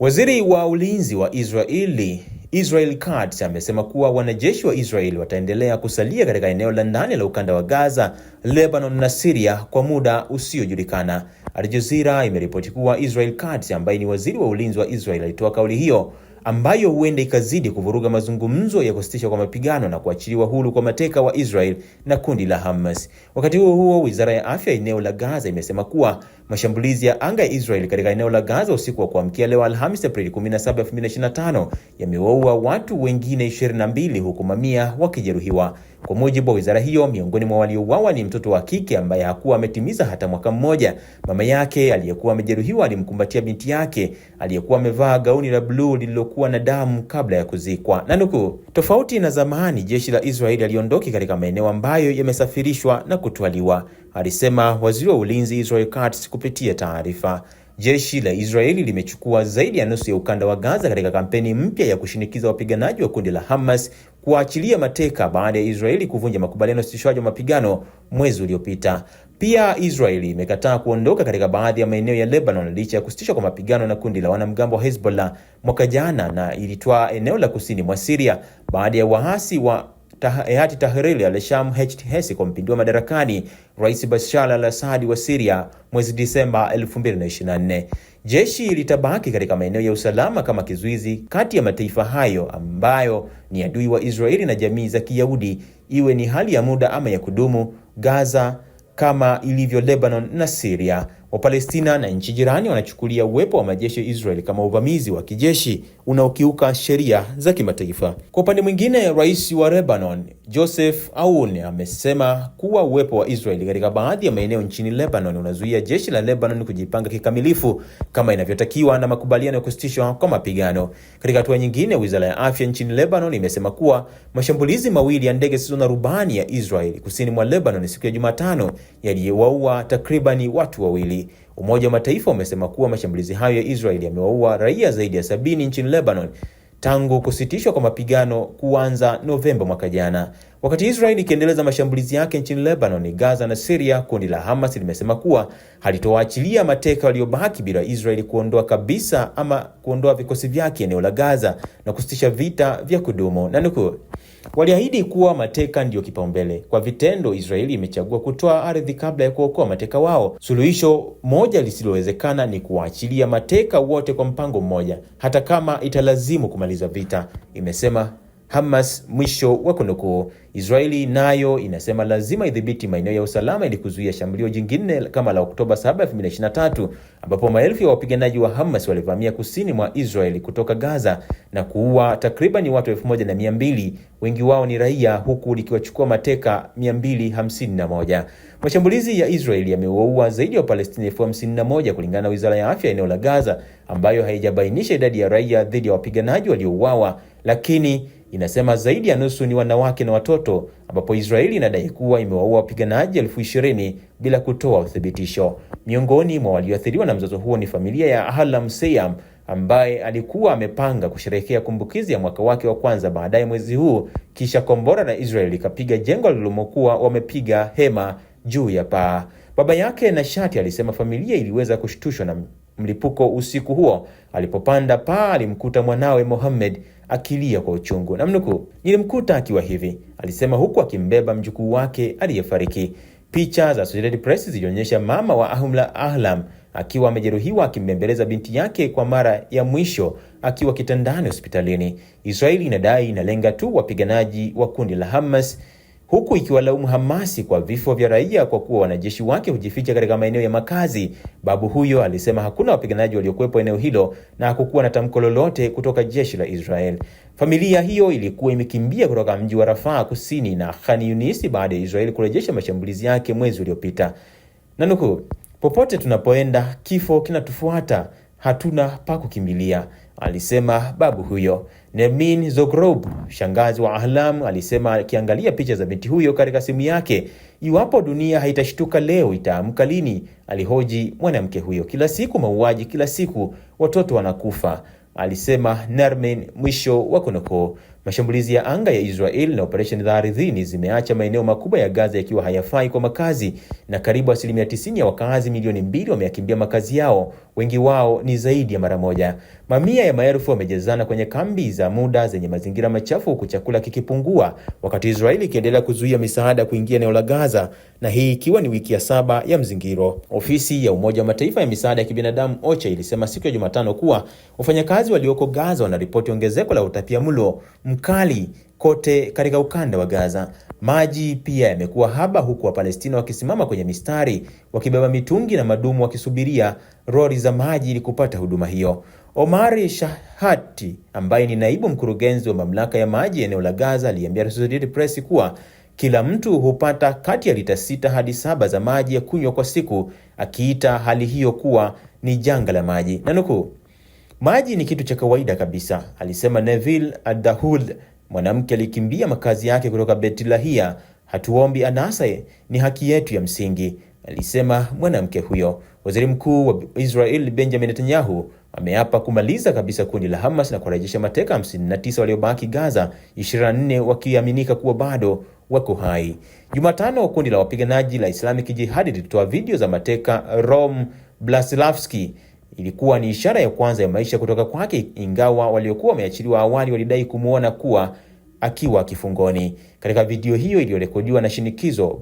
Waziri wa Ulinzi wa Israeli Israel Katz amesema kuwa wanajeshi wa israeli wataendelea kusalia katika eneo la ndani la ukanda wa Gaza, Lebanon na Syria kwa muda usiojulikana. Al Jazeera imeripoti kuwa Israel Katz ambaye ni waziri wa ulinzi wa Israel alitoa kauli hiyo ambayo huenda ikazidi kuvuruga mazungumzo ya kusitisha kwa mapigano na kuachiliwa huru kwa mateka wa Israel na kundi la Hamas. Wakati huo huo, wizara ya afya eneo la Gaza imesema kuwa mashambulizi ya anga ya Israel katika eneo la Gaza usiku wa kuamkia leo Alhamis, Aprili 17, 2025 yamewaua watu wengine 22 huku mamia wakijeruhiwa. Kwa mujibu wa wizara hiyo, miongoni mwa waliouawa ni mtoto wa kike ambaye hakuwa ametimiza hata mwaka mmoja. Mama yake aliyekuwa amejeruhiwa alimkumbatia binti yake aliyekuwa amevaa gauni la bluu lililo kuwa na damu kabla ya kuzikwa. Na tofauti na zamani, jeshi la Israeli aliondoki katika maeneo ambayo yamesafirishwa na kutwaliwa, alisema waziri wa ulinzi Israel Katz kupitia taarifa. Jeshi la Israeli limechukua zaidi ya nusu ya ukanda wa Gaza katika kampeni mpya ya kushinikiza wapiganaji wa kundi la Hamas kuwaachilia mateka baada ya Israeli kuvunja makubaliano ya usitishwaji wa mapigano mwezi uliopita. Pia Israeli imekataa kuondoka katika baadhi ya maeneo ya Lebanon licha ya kusitishwa kwa mapigano na kundi la wanamgambo wa Hezbollah mwaka jana, na ilitwaa eneo la kusini mwa Syria baada ya waasi wa Hayat Tahrir al-Sham HTS kumpindua madarakani Rais Bashar al-Assad wa Syria mwezi Disemba 2024. Jeshi litabaki katika maeneo ya usalama kama kizuizi kati ya mataifa hayo ambayo ni adui wa Israeli na jamii za Kiyahudi, iwe ni hali ya muda ama ya kudumu Gaza kama ilivyo Lebanon na Syria. Wapalestina na nchi jirani wanachukulia uwepo wa majeshi ya Israel kama uvamizi wa kijeshi unaokiuka sheria za kimataifa. Kwa upande mwingine, rais wa Lebanon Joseph Aoun amesema kuwa uwepo wa Israel katika baadhi ya maeneo nchini Lebanon unazuia jeshi la Lebanon kujipanga kikamilifu kama inavyotakiwa na makubaliano ya kusitishwa kwa mapigano. Katika hatua nyingine, wizara ya afya nchini Lebanon imesema kuwa mashambulizi mawili ya ndege zisizo na rubani ya Israel kusini mwa Lebanon siku ya Jumatano yaliyowaua takribani watu wawili. Umoja wa Mataifa umesema kuwa mashambulizi hayo ya israel yamewaua raia zaidi ya sabini nchini Lebanon tangu kusitishwa kwa mapigano kuanza Novemba mwaka jana. Wakati Israel ikiendeleza mashambulizi yake nchini Lebanon, Gaza na siria kundi la Hamas limesema kuwa halitowaachilia mateka waliobaki bila israel kuondoa kabisa ama kuondoa vikosi vyake eneo la Gaza na kusitisha vita vya kudumu. Nanukuu, Waliahidi kuwa mateka ndiyo kipaumbele. Kwa vitendo, Israeli imechagua kutoa ardhi kabla ya kuokoa mateka wao. Suluhisho moja lisilowezekana ni kuwaachilia mateka wote kwa mpango mmoja, hata kama italazimu kumaliza vita, imesema Hamas, mwisho wa kunukuu. Israeli nayo inasema lazima idhibiti maeneo ya usalama ili kuzuia shambulio jingine kama la Oktoba 7, 2023 ambapo maelfu ya wapiganaji wa Hamas walivamia kusini mwa Israeli kutoka Gaza na kuua takribani watu 1200 wengi wao ni raia, huku likiwachukua mateka 251. Mashambulizi ya Israel yamewaua zaidi ya Wapalestina elfu kulingana na Wizara ya Afya eneo la Gaza, ambayo haijabainisha idadi ya raia dhidi ya wapiganaji waliouawa, lakini inasema zaidi ya nusu ni wanawake na watoto, ambapo Israeli inadai kuwa imewaua wapiganaji elfu ishirini bila kutoa uthibitisho. Miongoni mwa walioathiriwa na mzozo huo ni familia ya Ahlam Seyam ambaye alikuwa amepanga kusherehekea kumbukizi ya mwaka wake wa kwanza baadaye mwezi huu, kisha kombora la Israel likapiga jengo lililomokuwa wamepiga hema juu ya paa. Baba yake Nashati alisema familia iliweza kushtushwa na mlipuko usiku huo. Alipopanda paa, alimkuta mwanawe Mohammed akilia kwa uchungu. Namnukuu, nilimkuta akiwa hivi, alisema huku akimbeba mjukuu wake aliyefariki. Picha za Associated Press zilionyesha mama wa Ahumla Ahlam akiwa amejeruhiwa akimbembeleza binti yake kwa mara ya mwisho akiwa kitandani hospitalini. Israeli inadai inalenga tu wapiganaji wa kundi la Hamas huku ikiwalaumu Hamasi kwa vifo vya raia kwa kuwa wanajeshi wake hujificha katika maeneo ya makazi. Babu huyo alisema hakuna wapiganaji waliokuwepo eneo hilo na hakukuwa na tamko lolote kutoka jeshi la Israel. Familia hiyo ilikuwa imekimbia kutoka mji wa Rafaa kusini na Khan unisi baada ya Israel kurejesha mashambulizi yake mwezi uliopita. Nanukuu, popote tunapoenda kifo kinatufuata hatuna pa kukimbilia, alisema babu huyo. Nermin Zogrob, shangazi wa Ahlam, alisema akiangalia picha za binti huyo katika simu yake. Iwapo dunia haitashtuka leo, itaamka lini? alihoji mwanamke huyo. Kila siku mauaji, kila siku watoto wanakufa, alisema Nermin. Mwisho wa kunukuu. Mashambulizi ya anga ya Israel na operesheni za ardhini zimeacha maeneo makubwa ya Gaza yakiwa hayafai kwa makazi, na karibu asilimia 90 ya wakazi milioni mbili wameyakimbia makazi yao, wengi wao ni zaidi ya mara moja. Mamia ya maelfu wamejazana kwenye kambi za muda zenye mazingira machafu, huku chakula kikipungua, wakati Israeli ikiendelea kuzuia misaada kuingia eneo la Gaza, na hii ikiwa ni wiki ya saba ya mzingiro. Ofisi ya Umoja wa Mataifa ya misaada ya kibinadamu OCHA ilisema siku ya Jumatano kuwa wafanyakazi walioko Gaza wanaripoti ongezeko la utapia mlo mkali kote katika ukanda wa Gaza. Maji pia yamekuwa haba, huku Wapalestina wakisimama kwenye mistari wakibeba mitungi na madumu, wakisubiria roli za maji ili kupata huduma hiyo. Omari Shahati ambaye ni naibu mkurugenzi wa mamlaka ya maji eneo la Gaza aliambia Associated Press kuwa kila mtu hupata kati ya lita sita hadi saba za maji ya kunywa kwa siku, akiita hali hiyo kuwa ni janga la maji na nukuu Maji ni kitu cha kawaida kabisa, alisema Neville Adahud. Mwanamke alikimbia makazi yake kutoka Betlehia. Hatuombi anasa, ni haki yetu ya msingi, alisema mwanamke huyo. Waziri Mkuu wa Israel Benjamin Netanyahu ameapa kumaliza kabisa kundi la Hamas na kurejesha mateka 59 waliobaki Gaza, 24 wakiaminika kuwa bado wako hai. Jumatano, kundi la wapiganaji la Islamic Jihad lilitoa video za mateka Rom Blaslavski ilikuwa ni ishara ya kwanza ya maisha kutoka kwake, ingawa waliokuwa wameachiliwa awali walidai kumwona kuwa akiwa kifungoni. Katika video hiyo iliyorekodiwa na shinikizo,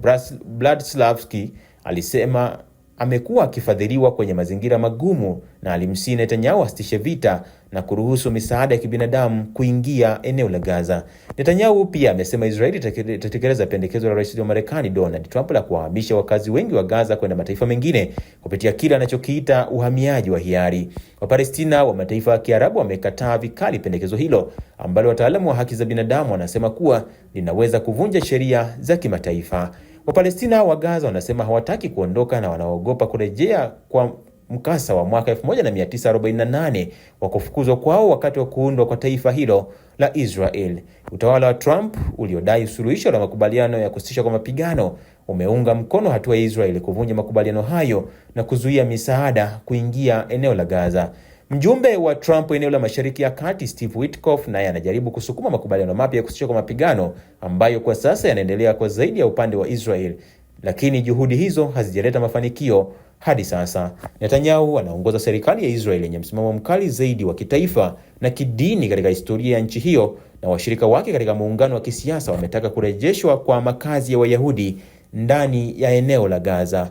Bladislavski alisema amekuwa akifadhiliwa kwenye mazingira magumu na alimsii Netanyahu asitishe vita na kuruhusu misaada ya kibinadamu kuingia eneo la Gaza. Netanyahu pia amesema Israeli itatekeleza pendekezo la rais wa Marekani Donald Trump la kuwahamisha wakazi wengi wa Gaza kwenda mataifa mengine kupitia kile anachokiita uhamiaji wa hiari. Wapalestina wa mataifa ya Kiarabu wamekataa vikali pendekezo hilo ambalo wataalamu wa haki za binadamu wanasema kuwa linaweza kuvunja sheria za kimataifa. Wapalestina wa Gaza wanasema hawataki kuondoka na wanaogopa kurejea kwa mkasa wa mwaka 1948 wa kufukuzwa kwao wakati wa kuundwa kwa taifa hilo la Israel. Utawala wa Trump uliodai suluhisho la makubaliano ya kusitishwa kwa mapigano umeunga mkono hatua ya Israel kuvunja makubaliano hayo na kuzuia misaada kuingia eneo la Gaza. Mjumbe wa Trump eneo la Mashariki ya Kati, Steve Witkoff, naye anajaribu kusukuma makubaliano mapya ya kusitisha kwa mapigano ambayo kwa sasa yanaendelea kwa zaidi ya upande wa Israel, lakini juhudi hizo hazijaleta mafanikio hadi sasa. Netanyahu anaongoza serikali ya Israel yenye msimamo mkali zaidi wa kitaifa na kidini katika historia ya nchi hiyo, na washirika wake katika muungano wa kisiasa wametaka kurejeshwa kwa makazi ya Wayahudi ndani ya eneo la Gaza.